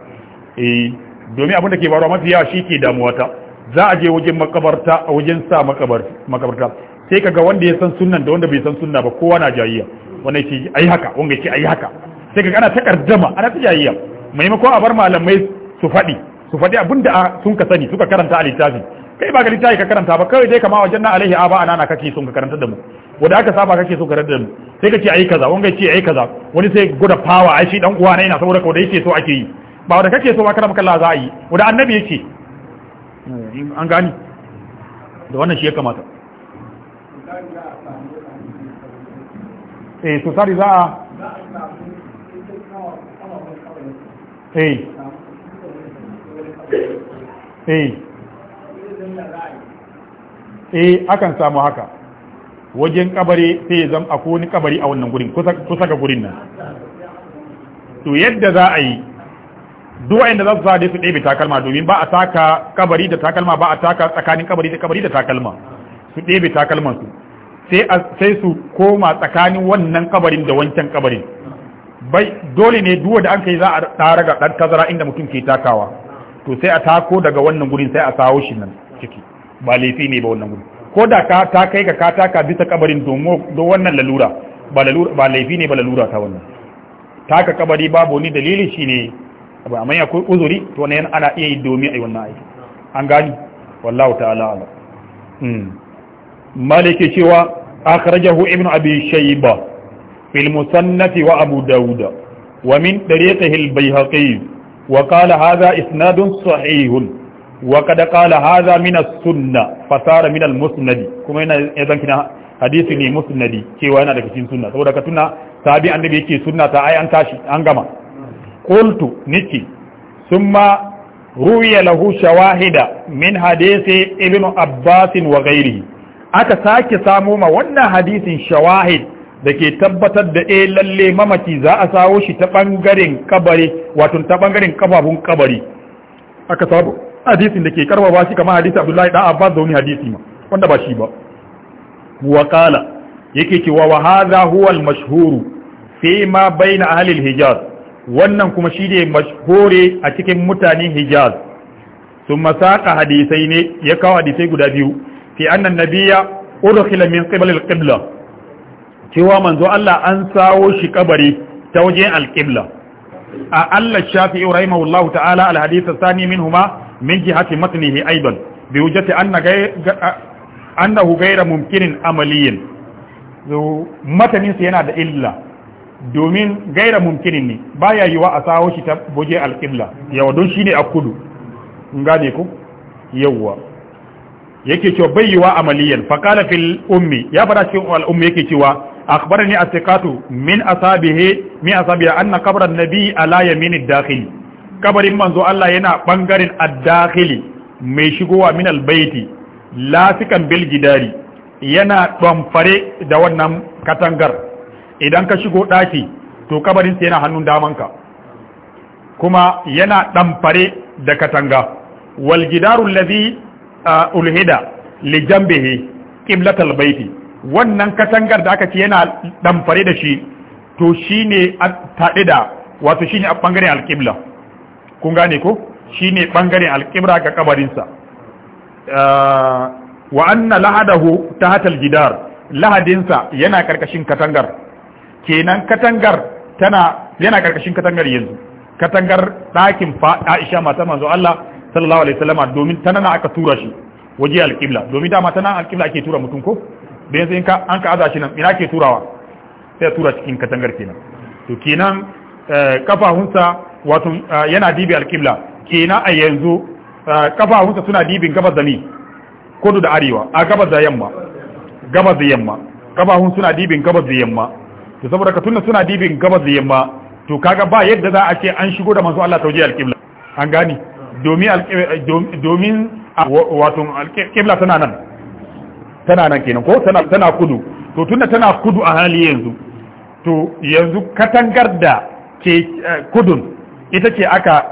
eh domin abin da ke faruwa mafi yawa ke damuwa ta za a je wajen makabarta a wajen sa makabarta sai kaga wanda ya san sunnan da wanda bai san sunna ba kowa na jayiya. wannan shi yi haka wanga shi yi haka sai ka ana ta kardama ana ta jayayya maimakon a bar malamai su faɗi su faɗi da sun ka sani suka karanta a littafi kai ba ga littafi ka karanta ba kawai dai kama wajen na alaihi aba anana kake sun ka karanta da mu wanda aka saba kake sun ka karanta da mu sai ka ce ayi kaza wanga ce ayi kaza wani sai guda fawa ai shi dan uwa na yana saboda kawai yake so ake yi ba wanda kake so ba karamka Allah za a yi wanda annabi yake an gani da wannan shi ya kamata eh to sari za a eh e eh. a eh, akan samu haka wajen kabari sai ya zama akwai wani kabari a wannan gurin kusa ga gurin nan to yadda za a yi duwa inda za su sa su ɗebe takalma domin ba a taka kabari da takalma ba a taka tsakanin kabari da kabari da takalma su ɗebe takalman su sai su koma tsakanin wannan kabarin da wancan kabarin bai dole ne duwa da an kai za a tsara ga dan tazara inda mutum ke takawa to sai a tako daga wannan gurin sai a sawo shi nan ciki ba laifi ne ba wannan gurin ko da ka ta kai ka ka taka bisa kabarin domin wannan lalura ba laifi ne ba lalura ta wannan taka kabari babu ni dalili shine ba amma akwai uzuri to ne ana iya yi domin ai wannan aiki an gani wallahu ta'ala alam hmm. maliki cewa akhrajahu ibnu abi shayba fil musannaf wa abu daud wa min tariqihi al bayhaqi wa qala hadha isnadun sahihun wa kada qala hadha min as sunna fasara min al musnad kuma ina yazan kina hadisi ne musnadi cewa yana daga cikin sunna saboda ka tuna sabi annabi yake sunna ta ai an tashi an gama qultu niki ma ruwiya lahu shawahida min hadisi ibnu abbas wa ghairihi aka sake samo ma wannan hadisin shawahid da ke tabbatar da eh lalle mamaci za a sawo shi ta bangaren kabari wato ta bangaren kafafun kabari aka sabo hadisin da ke karbaba shi kamar hadisi Abdullahi da Abbas da wani hadisi ma wanda ba shi ba wa qala yake cewa wa hadha huwa al-mashhur fi ma baina ahli al-Hijaz wannan kuma shi ne mashhure a cikin mutanen Hijaz thumma saqa hadisai ne ya kawo hadisai guda biyu fi annan nabiyya udkhila min qibal al cewa manzo Allah an sawo shi kabari ta wajen al a Allah shafi'i Allah ta'ala al-hadith athani minhuma min jihati matnihi aidan bi wujati anna annahu ghayra mumkinin amaliyan, matanin sa yana da illa domin gaira mumkinin ne baya yiwa a sawo shi ta wajen alƙibla. yawa don shine a kudu ngane ku yawwa yake cewa wa amaliyan fa qala fil ummi ya fara cikin al ummi yake cewa akhbarani asiqatu min asabihi min asabiya anna qabran nabi ala yaminid dakhil kabarin manzo Allah yana bangaren ad-dakhili mai shigowa min al-baiti lafikan bil gidari yana damfare da wannan katangar idan ka shigo daki to kabarin sa yana hannun damanka kuma yana damfare da katanga wal gidaru allazi ulhida li jambihi qiblatal baiti wannan katangar da aka ce yana damfare da shi to shine taɗe wato shine a bangaren alqibla kun gane ko shine bangaren alqibra ga sa wa anna lahadahu tahta aljidar lahadinsa yana karkashin katangar kenan katangar tana yana karkashin katangar yanzu katangar ɗakin fa Aisha mata manzo Allah sallallahu alaihi wasallama domin tana na aka tura shi waje alƙibla domin dama ta nan alƙibla ake tura mutum ko da yanzu in ka an ka aza shi nan ina ke turawa sai tura cikin katangar kenan to kenan eh, kafahunsa wato eh, yana dibi alƙibla kenan a yanzu eh, kafahunsa suna dibin gabas da ni kudu da arewa a gabas da yamma gabas da yamma kafahun suna dibin gabas da yamma to saboda ka tunna suna dibin gabas da yamma to kaga ba yadda za a ce an shigo da manzo Allah tauji alƙibla an gani domin eh, eh, ah, wato alƙibla tana nan tana nan kenan ko tana tana kudu to tunda tana kudu a hali yanzu to yanzu katangar da ke eh, kudun ita ce aka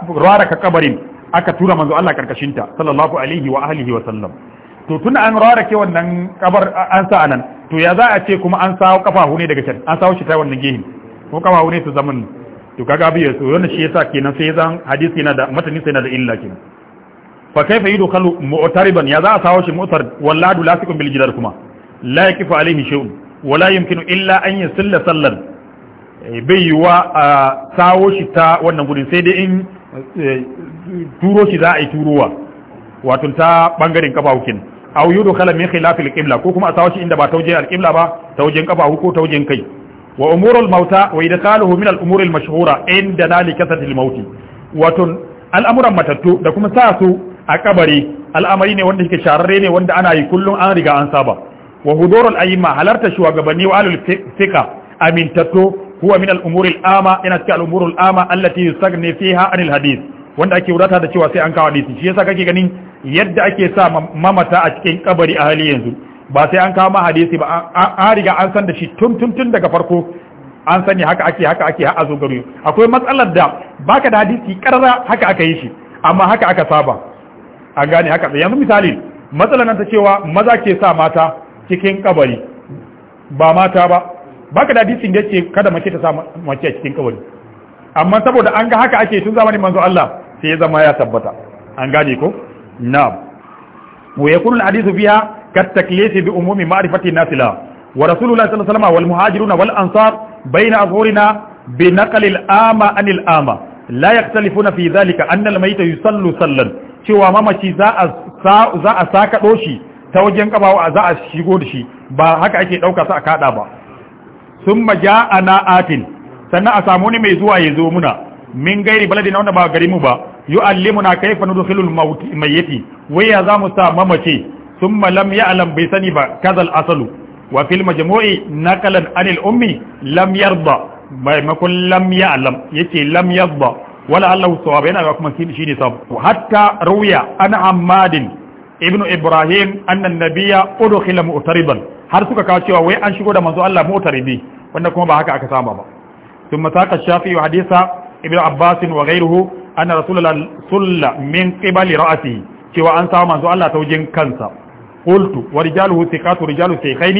ka kabarin aka tura manzo Allah ta sallallahu alaihi wa alihi wa sallam to tunda an ke wannan kabar an sa anan to ya za a ce kuma an sawo kafahu ne daga can an sawo shi ta wannan gehin ko kafahu ne su zaman to kaga abu yaso wannan shi yasa kenan sai zan hadisi yana da matani sai yana da illa kenan fa kaifa yudkhalu mu'tariban ya za a sawo shi mu'tar walladu lasikun bil jidar kuma la yakifu alaihi shay'un wala yumkinu illa an yusalla sallan eh, bai yiwa a sawo shi ta wannan gudun sai dai in eh, turo shi za a yi turowa wato ta bangaren kafa hukin au yudkhala min khilafil qibla ko kuma a sawo shi inda ba tauje al qibla ba taujen kafa ko taujen kai wa umurul mauta wa idkhaluhu min al umuril mashhura inda nalikatil mauti wato al'amuran matattu da kuma sa su a kabari al'amari ne wanda yake shararre ne wanda ana yi kullum an riga an saba wa hudurul ayyima halarta shugabanni wa alul fika amintattu huwa min al umuril ama ina cikin al umurul ama allati yustagni fiha anil hadith wanda ake wadata da cewa sai an kawo hadisi shi yasa kake ganin yadda ake sa mamata a cikin kabari a hali yanzu ba sai an kama hadisi ba an riga an san da shi tun tun tun daga farko an sani haka ake haka ake har a zo gari akwai matsalar da baka da hadisi karara haka aka yi shi amma haka aka saba a gane haka yanzu misali matsalar nan ta cewa maza ke sa mata cikin kabari ba mata ba baka da hadisi da yake kada mace ta sa mace a cikin kabari amma saboda an ga haka ake tun zamanin manzo Allah sai ya zama ya tabbata an gane ko na'am wa yakulu al-hadithu fiha كالتكليف بأموم معرفة الناس لا ورسول الله صلى الله عليه وسلم والمهاجرون والأنصار بين أظهرنا بنقل الآمة عن الآمة لا يختلفون في ذلك أن الميت يصلى صلا cewa mamaci za a sakaɗo shi ta wajen ƙabawa za a shigo da shi ba haka ake ɗauka su a kaɗa ba sun maja a na'atin sannan a samu ni mai zuwa ya zo muna min gairi baladi na wanda ba garin mu ba alli yi allimuna kaifa nudkhilul mayyiti wai ya zamu sa mamace summa lamya ya'lam bai sani ba kazal asalu wa fil na naqalan anil ummi lam yarda maimakon lam ya'lam yace lam yarda wala Allah sawaba yana ga kuma shine sab hatta ruya an ammadin ibnu ibrahim anna nabiyya udkhila mu'tariban har suka kawo cewa wai an shigo da manzo Allah mu'taribi wanda kuma ba haka aka saba ba ثم ساق hadisa ibnu ابن عباس وغيره أن رسول الله صلى من cewa an samu manzo Allah ta wajen kansa قلت ورجاله ثقات ورجال الشيخين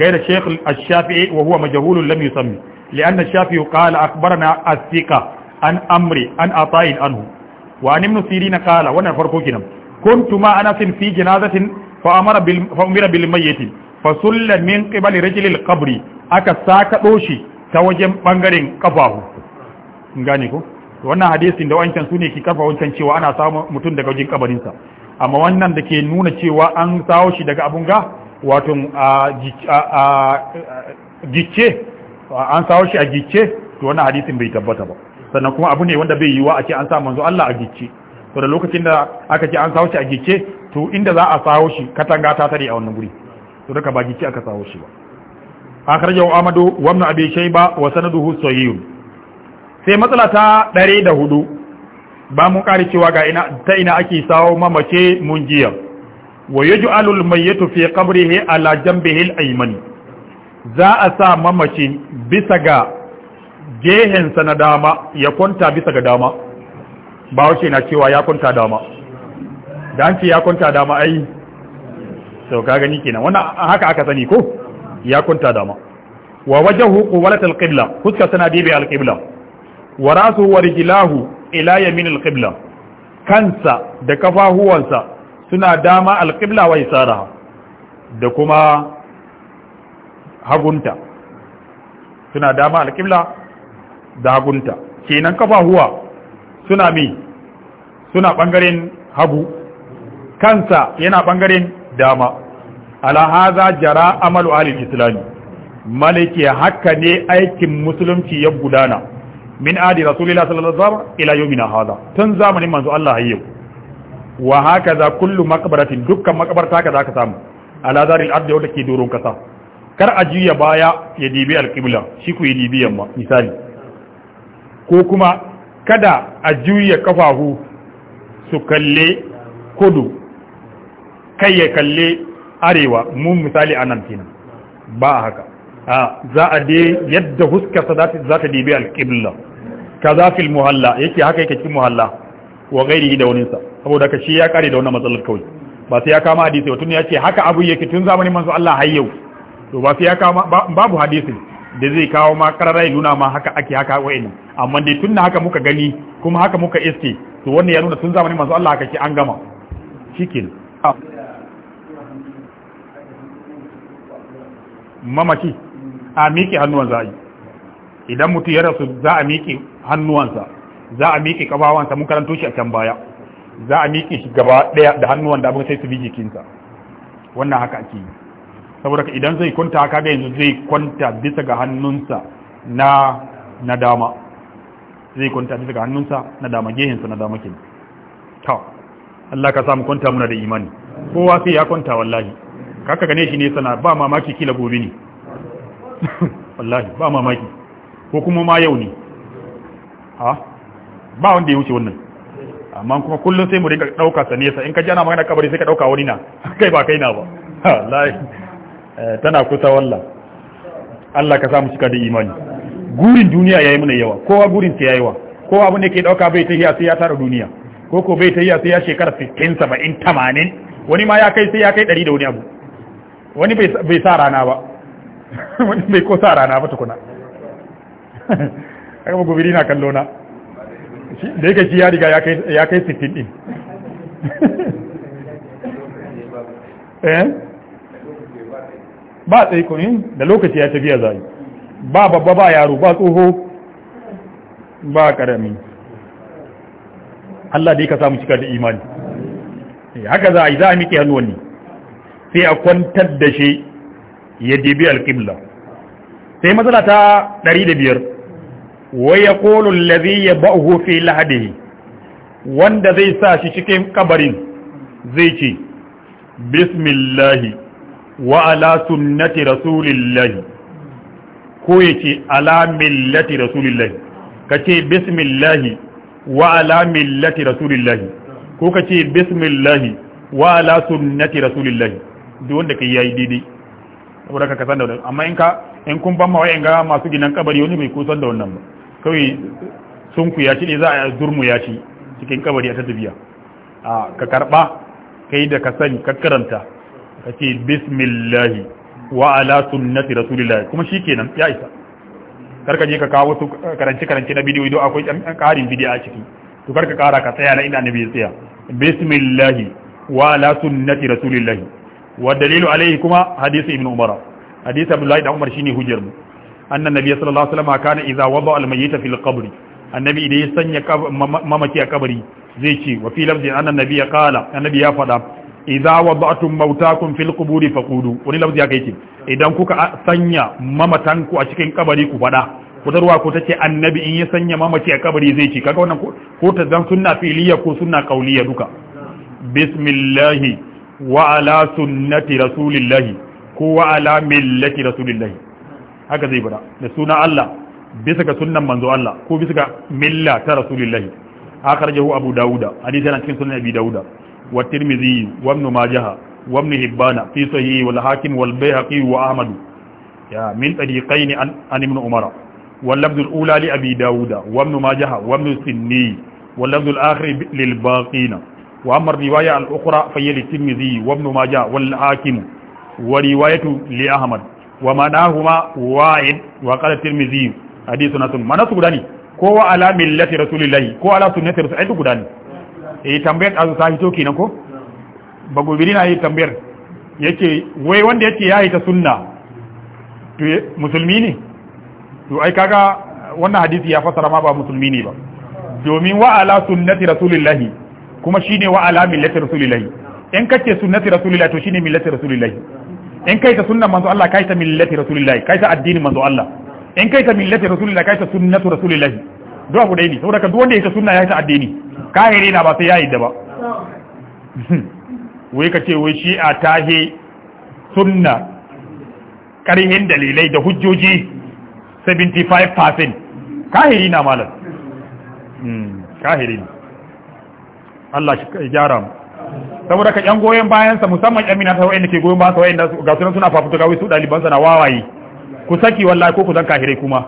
غير الشيخ الشافعي وهو مجهول لم يسمي لأن الشافعي قال أخبرنا الثقة عن أمري عن عطاء عنه وعن ابن سيرين قال وانا فرقوكنا كنت مع أنس في جنازة فأمر, بال... فأمر بالميت فسل من قبل رجل القبر أكا ساكا دوشي توجم بانغرين قفاه ngane ko wannan hadisin da wancan sune ki kafa wancan cewa ana samu mutum daga wajen kabarinsa amma wannan da ke nuna cewa an tsawo shi daga abun ga wato a gicce an tsawo shi a gicce to wannan hadisin bai tabbata ba sannan kuma abu ne wanda bai yiwa a ce an sa manzo Allah a gicce to da lokacin da aka ce an tsawo shi a gicce to inda za a tsawo shi katanga ta tare a wannan guri to daga ba gicce aka tsawo shi ba akhrajahu amadu wa ibn abi shayba wa sanaduhu sahih sai matsala ta 104 ba mun kare cewa ga ina ta ina ake sawo mamace mun jiya wa yaj'alul mayyatu fi qabrihi ala janbihi al aymani za a sa mamace bisa ga gehen sa na dama ya kwanta bisa ga dama ba wace na cewa ya kwanta dama dan ce ya kwanta dama ai to ka gani kenan wannan haka aka sani ko ya kwanta dama wa wajahu quwwatul qibla fuska tana dibi al-qibla wa ra'suhu wa rijlahu ila yaminil qibla kansa da kafahuwansa suna dama alqibla wa isaraha da kuma hagunta suna dama alqibla da hagunta kenan kafahuwa suna mi suna bangaren hagu kansa yana bangaren dama ala hadha jara amalu al islami malike haka ne aikin musulunci ya gudana min adi rasulillah sallallahu alaihi wasallam ila yawmina hada tun zamanin manzo Allah hayyo wa hakaza kullu maqbaratin dukkan maqabarta kaza ka samu ala zaril ardi da ke doron kasa kar a juya baya ya dibi alqibla shi ku yi dibi yamma misali ko kuma kada a juya kafahu su kalle kudu kai ya kalle arewa mun misali anan kenan ba haka a za a dai yadda huskarsa za ta dibi alqibla kaza fil muhalla yake haka yake cikin muhalla wa gairihi da wani sa saboda ka shi ya kare da wannan matsalar kawai ba sai ya kama hadisi ba tun ya ce haka abu yake tun zamanin manzo Allah har yau to ba sai ya kama babu hadisi da zai kawo ma kararai nuna ma haka ake haka wa'in amma dai tun haka muka gani kuma haka muka iske to wannan ya nuna tun zamanin manzo Allah haka ke an gama shikin Mamaki. a miƙe hannuwan za'i idan mutu ya rasu za a miƙe hannuwansa za a miƙe ƙafawansa mun karanto shi a can baya za a miƙe shi gaba ɗaya da hannuwan da abin sai su bi jikinsa wannan haka ake yi saboda idan zai kwanta da yanzu zai kwanta bisa ga hannunsa na na dama zai kwanta bisa ga hannunsa na dama gehensa na dama kenan to Allah ka samu kwanta muna da imani kowa sai ya kwanta wallahi kaka gane shi ne sana ba mamaki kila gobe ne wallahi ba mamaki ko kuma ma yau ne ba wanda ya wuce wannan amma kuma kullum sai mu riga dauka sa nesa in ka jana magana kabari sai ka dauka wani na kai ba kai na ba wallahi eh, tana kusa wallah Allah ka sa mu cika da imani gurin duniya yayi mana yawa kowa gurin ta yayi wa kowa abu da ke dauka bai ta sai ya tara duniya ko ko bai ta sai ya shekara 60 70 80 wani ma ya kai sai ya kai 100 da wani abu wani bai sa rana ba wani bai ko sa rana ba tukuna kaga mu gobiri na kallo na da yake shi ya riga ya kai ya kai 60 din eh ba tsaye ko da lokaci ya tafiya zai ba babba ba yaro ba tsoho ba karami Allah dai ka samu cika da imani eh, haka za a yi za a miƙe hannuwan ne sai a kwantar da shi ya dibi alƙibla sai matsala ta ɗari da biyar. wa yaqulu alladhi yabahu fi lahadihi wanda zai sa shi cikin kabarin zai ce bismillahi wa ala sunnati rasulillahi ko yace ala millati rasulillahi kace bismillahi wa ala millati rasulillahi ko kace bismillahi wa ala sunnati rasulillahi duk wanda kai yayi daidai saboda ka kasan da amma in ka in kun ban ma ga masu ginan kabari wani bai kusan da wannan ba kawai sun ku yaci ne za a durmu ya cikin kabari a ta tafiya a ka karba kai da ka sani ka karanta ka ce bismillahi wa ala sunnati rasulillahi kuma shikenan ya isa karka je ka kawo wasu karance karance na bidiyo akwai akwai karin bidiyo a ciki to karka kara ka tsaya na ina nabi ya tsaya bismillahi wa ala sunnati rasulillahi wa dalilu alaihi kuma hadisi ibn umar hadisi abdullahi da umar shine hujjar mu annan nabi sallallahu alaihi wasallam kana idza wada al mayyita fil qabri annabi idan ya sanya mamaki a kabari zai ce wa fi lafzi annan ya qala annabi ya fada idza wada'tum mautakum fil quburi faqulu wani lafzi ya kai idan kuka sanya mamatanku a cikin kabari ku fada kutarwa ko tace annabi in ya sanya mamaki a kabari zai ce kaga wannan ko ta zan sunna filiya ko sunna kauliya duka bismillahi wa ala sunnati rasulillahi ko wa ala millati rasulillahi haka zai bada da suna Allah bisa ga sunnan manzo Allah ko bisa ga milla ta rasulillahi akhrajahu abu dauda hadisi yana cikin sunan abi dauda wa tirmidhi wa ibn majah wa ibn hibban fi sahih wal hakim wal bayhaqi wa ahmad ya min tariqain an ibn umara wal lafz al ula li abi dauda wa ibn majah wa ibn sunni wal lafz al akhir lil baqina wa amma riwaya al ukhra fa yali tirmidhi wa ibn majah wal hakim wa riwayatu li ahmad wa manahuma wa'id wa qala tirmidhi hadithun hasan mana su gudani ko wa ala millati rasulillahi ko ala sunnati rasulillahi duk gudani eh tambayar azu ta hito kenan ko bagobiri na yi tambayar yake wai wanda yake yayi ta sunna to musulmi ne to ai kaga wannan hadisi ya fasara ma ba musulmi ne ba domin wa ala sunnati rasulillahi kuma shine wa ala millati rasulillahi in kace sunnati rasulillahi to shine millati rasulillahi in kai ta sunna manzo Allah kai ta millati rasulillahi kai ta addini manzo Allah in kai ta millati rasulillahi kai ta sunnatu rasulillahi duk abu dai ne saboda ka duk wanda ya ta sunna yayi ta addini kahiri na ba sai ya da ba wai ka ce wai shi'a ta he sunna karihin dalilai da hujjoji 75% kahiri na malam hmm, kahiri Allah shi gyara mu saboda ka yan goyon bayan sa musamman yan minata wa'anda ke goyon bayan sa wa'anda ga sunan suna fafuta wai su daliban sa na wawaye ku saki wallahi ko ku zan kahirai kuma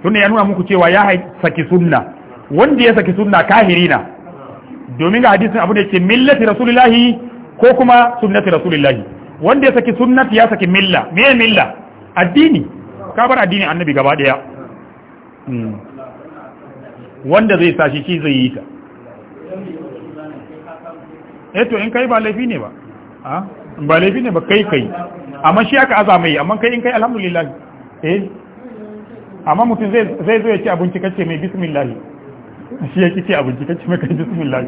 sunna hmm. ya nuna muku cewa ya saki sunna wanda ya saki sunna kahiri na domin ga hadisin abu da yake millati rasulullahi ko kuma sunnati rasulullahi wanda ya saki sunnati ya saki milla me milla addini ka bar addini annabi gaba daya hmm. wanda zai sashi shi zai yi ta eto eh to in kai ba laifi ne ba a ba laifi ne ba kai kai amma shi aka azama mai amma kai in kai alhamdulillah eh amma mutum zai zo ya ci abinci kace mai bismillah shi ya ci abinci kace mai kai bismillah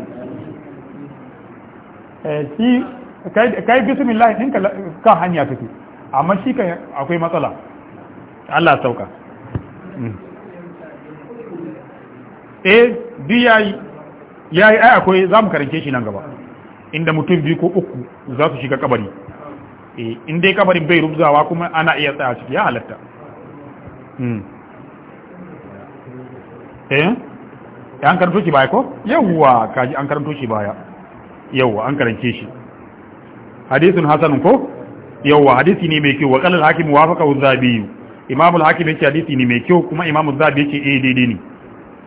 eh shi kai bismillah din ka kan hanya kake amma shi kai akwai matsala Allah sauka hmm. eh duk yayi yayi ai akwai zamu karanke shi nan gaba inda mutum biyu ko uku za su shiga kabari eh, in dai kabarin bai rubzawa kuma ana iya tsaya ciki ya halatta hmm. eh? eh an karanto shi baya ko yawwa kaji an karanto shi baya yawwa an karance shi hadisun hasan ko yawwa hadisi ne mai kyau wa kalal hakim wafaka uzabi imam al hakim yace hadisi ne mai kyau kuma imam uzabi yace eh daidai ne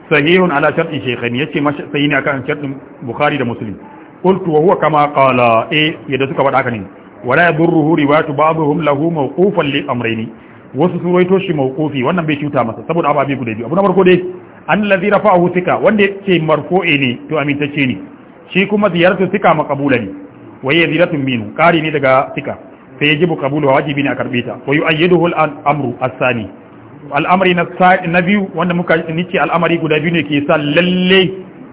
sahihun ala shartin shaykhain yace sai ne akan shartin bukhari da muslim qultu wa huwa kama qala eh yadda suka bada haka ne wala yadurruhu riwayatu ba'dhum lahu mawqufan li amrayni wasu sun shi mawqufi wannan bai cuta masa saboda abu guda biyu abu na farko dai ladhi rafa'ahu thika wanda yake marfu'i ne to amintacce ne shi kuma ziyaratu thika maqbula ne wa hiya ziyaratun min qari ne daga thika fa yajibu qabulu wajibi ne a karbe ta wa yu'ayyiduhu al-amru as-sani al'amari na biyu wanda muka nice al'amari guda biyu ne ke sa lalle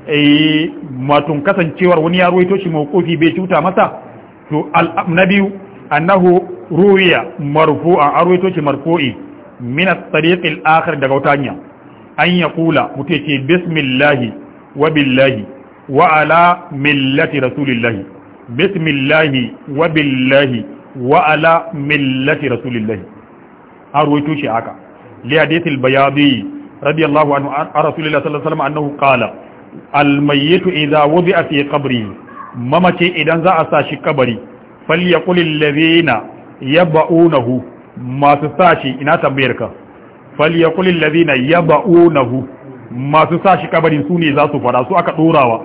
Eh, matun kasancewar wani ya ruwaito shi mawqufi bai cuta masa to na biyu annahu ruwiya marfu. A ruwaito shi marfu'i min at-tariq al-akhir daga wutanya an yaqula mutai ce bismillahi wa billahi wa ala millati rasulillahi bismillahi wa billahi wa ala millati rasulillahi an ruwaito shi haka li hadith al-bayadi radiyallahu anhu an rasulillahi sallallahu alaihi wasallam annahu qala almayyitu idza wudi'a fi qabri mamace idan za a sa shi kabari falyaqul allazina yab'unahu masu sa shi ina tambayar ka falyaqul allazina yab'unahu masu sa shi kabarin su ne za su fara su aka dorawa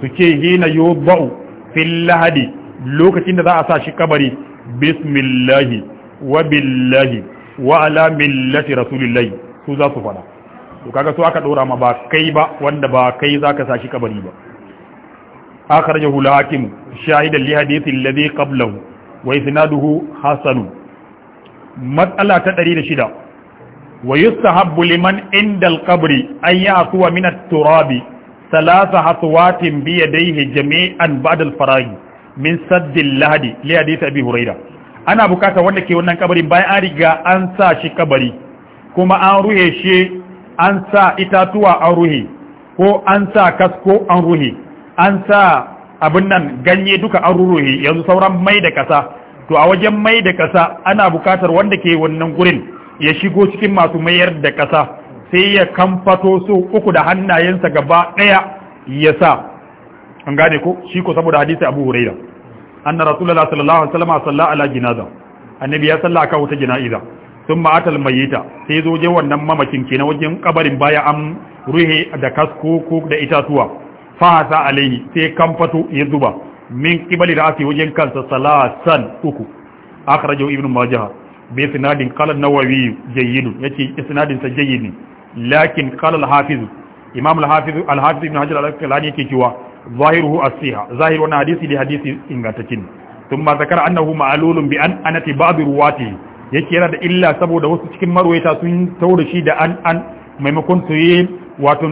su ce hina yubau fil lahadi lokacin da za a sa shi kabari bismillahi wa billahi wa ala millati rasulillahi su za su fara to kaga so aka dora ma ba kai ba wanda ba kai zaka sashi kabari ba akhrajahu al-hakim shahidan li hadithi alladhi qablahu wa isnaduhu hasan matsala ta 106 wa yustahabbu liman inda al-qabri an ya'tuwa min at-turabi ثلاث حصوات بيديه جميعا بعد الفراغ من lahadi اللهد لحديث bi هريره ana bukata wanda ke wannan kabarin bayan an riga an sa shi kabari kuma an ruhe shi an sa itatuwa an ruhe ko an sa kasko an ruhe an sa abin nan ganye duka an ruruhi yanzu sauran mai da kasa to a wajen mai da kasa ana bukatar wanda ke wannan gurin ya shigo cikin masu mayar da kasa sai ya kamfato su uku da hannayensa gaba ɗaya ya sa an gane ko shi ko saboda hadisi abu huraira anna rasulullah sallallahu alaihi wasallam salla ala jinaza annabi ya salla aka wata jana'iza. sun ma'atal mayita sai zo je wannan ke na wajen kabarin baya an ruhe da kasko ko da itatuwa fahasa alaihi sai kamfato ya zuba min kibali da ake wajen kansa salasan uku akhrajahu ibnu majah bi isnadin qala an-nawawi jayyid yace isnadin sa jayyid lakin qala al-hafiz imam al-hafiz al-hafiz ibn hajar al-asqalani yake cewa zahiruhu as-siha zahir wannan hadisi li hadisi ingantaccen thumma zakara annahu ma'lulun bi an anati ba'd ruwatihi yake yana da illa saboda wasu cikin marwaita sun taura shi da an an maimakon su yi wato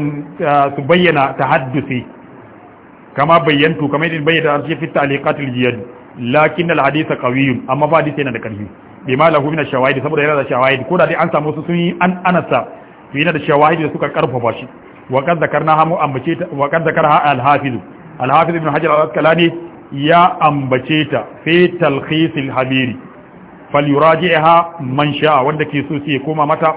su bayyana ta tahaddusi kama bayyantu kama yadda bayyana arshi fi ta'liqatil jiyad lakin al hadith qawiy amma ba hadisi yana da karfi bima lahu min ash-shawahid saboda yana da shawahid ko da dai an samu su sun yi an anasa to yana da shawahid da suka karfafa shi wa qad zakarna hamu ambace ta wa qad zakarha al-hafiz al-hafiz ibn hajar al-asqalani ya ambace ta fi talkhis habiri falyuraji'aha man sha'a wanda ke so sai ya koma mata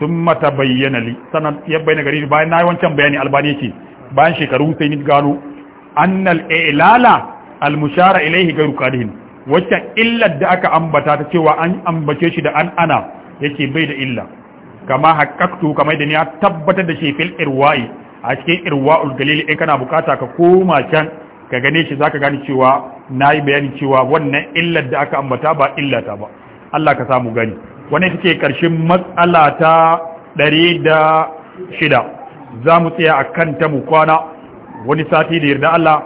thumma tabayyana li sanan ya bayyana gari bayan nayi wancan bayani albani yake bayan shekaru sai ni gano annal ilala al mushara ilayhi gairu qadihin wacce illar da aka ambata ta cewa an ambace shi da an ana yake bai da illa kama haqqaqtu kama da ni tabbatar da shi fil irwa'i a cikin irwa'ul galili in kana bukata ka koma can ka gane shi zaka gane cewa nayi bayani cewa wannan illar da aka ambata ba illata ba Allah ka samu gani wannan take karshen matsala ta 106 za mu tsaya a kan ta mu kwana wani sati da yarda Allah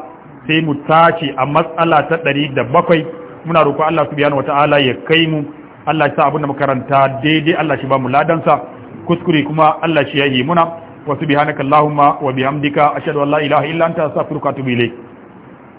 sai mu tace a matsala ta ɗari da bakwai muna roƙo Allah subhanahu wata'ala ya kai mu Allah sa abin makaranta daidai Allah shi ba mu ladansa kuskure kuma Allah shi yayi muna wa subhanaka allahumma wa bihamdika ashhadu an la ilaha illa anta astaghfiruka wa atubu ilayk